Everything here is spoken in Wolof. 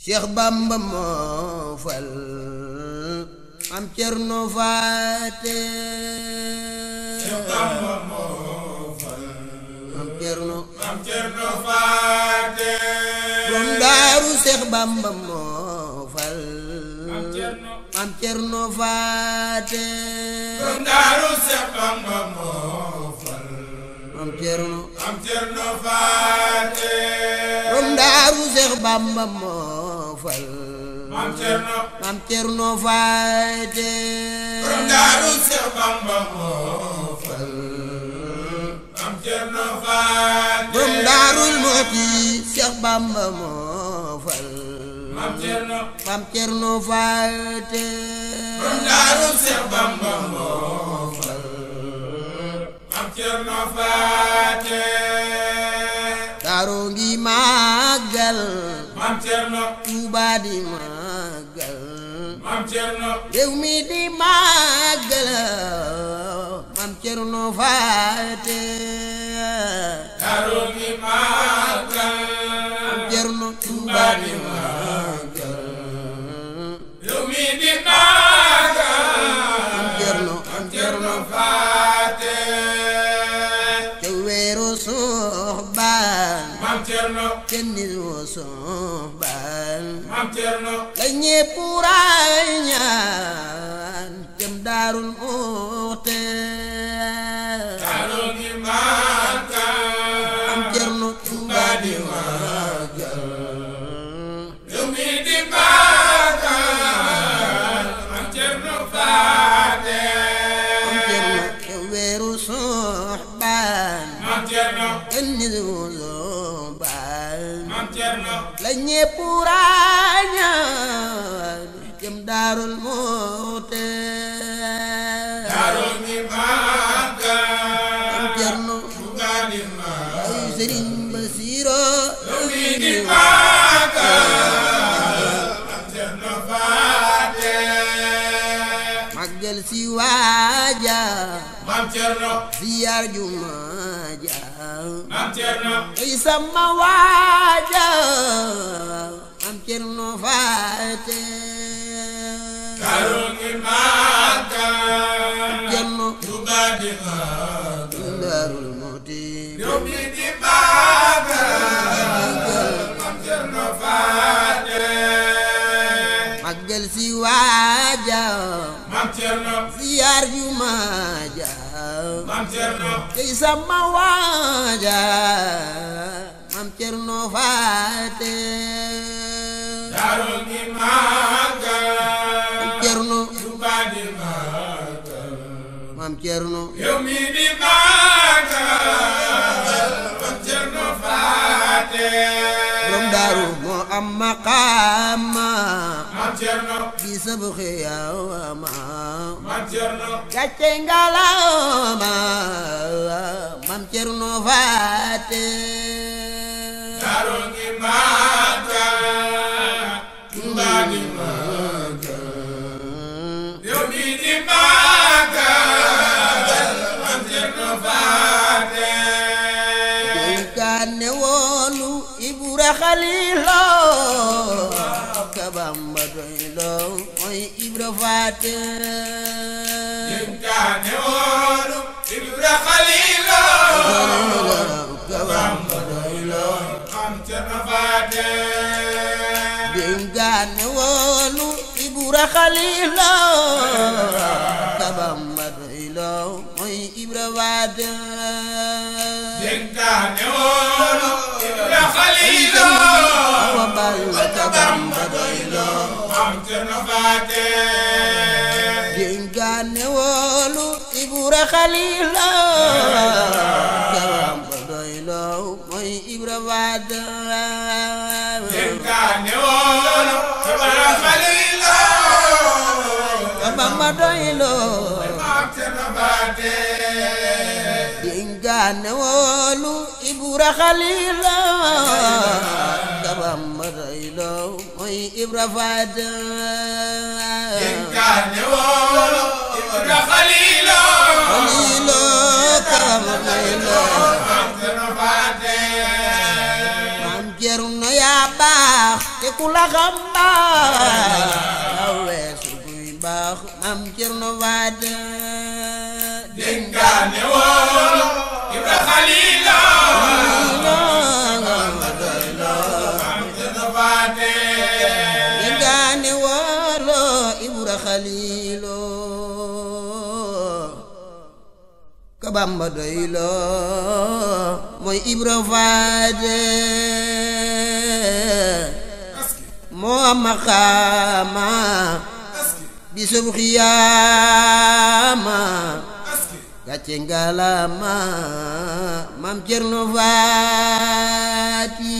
Cheikh Bamba moo fal am Cerno Faate Cheikh Bamba moo fal am Cerno am Cerno Faate doom daaru Cheikh Bamba moo fal am Cerno Faate doom daaru Cheikh Bamba moo fal am Cerno am Cerno Faate doom daaru Cheikh Bamba moo Fall maam Cerno maam Cerno Faate borom daaru Seex Bamba moo fal maam Cerno Faate borom daarul mooti Seex Bamba moo fal maam Cerno maam Cerno Faate borom daaru Seex Bamba moo fal maam Cerno Faate daaru ngi màggal maam Thierno. Touba di màggal. maam Thierno. réew mi di màggal. maam Thierno Faate. Daaru ngi màggal. maam Thierno Touba di baal maam Cerno kenn jëm Daarul Muxti la ñépp ràññaan jëm daarul moote daarul mi màggal Cerno Bugaani ma ay Sëriñ Basiiro màggal si waaja maam Cerno ziyaar jumaaja maam Cerno ay sama waaja maam Cerno faate karungi Makka Cerno tubaadi xaata daarul muti mam cerno tey sama waaja mam cerno faate daarul mi màggal cerno Tuubaa di màggal mam cerno yow mi di màggal mam cerno faate borom daaru moo am maqaama maam Cerno bi sabu xiyaama maam Cerno gàcce ngalaama maam Cerno faate daaru ngi màggal Bamba doy loo mooy Ibra Faate dénkaane woon Ibra Xaliilo ka Bamba doy loo xam ibra xalila garam ba doylo mooy ibra waada dénkaane woon ibra xalila ba ma doylo ak te na baate ne woolu Ibra Xalila da Bamba doyloo mooy Ibra Faata ne woolu Ibra Xalila Xalila da Bamba doyloo Maam Cerno yaa baax te ku la xam baax xaliiloo ka Bamba doyloo mooy Ibra Faade moo am maqaama bisub xiyaama gàcce ngalaama Maam Cerno Faati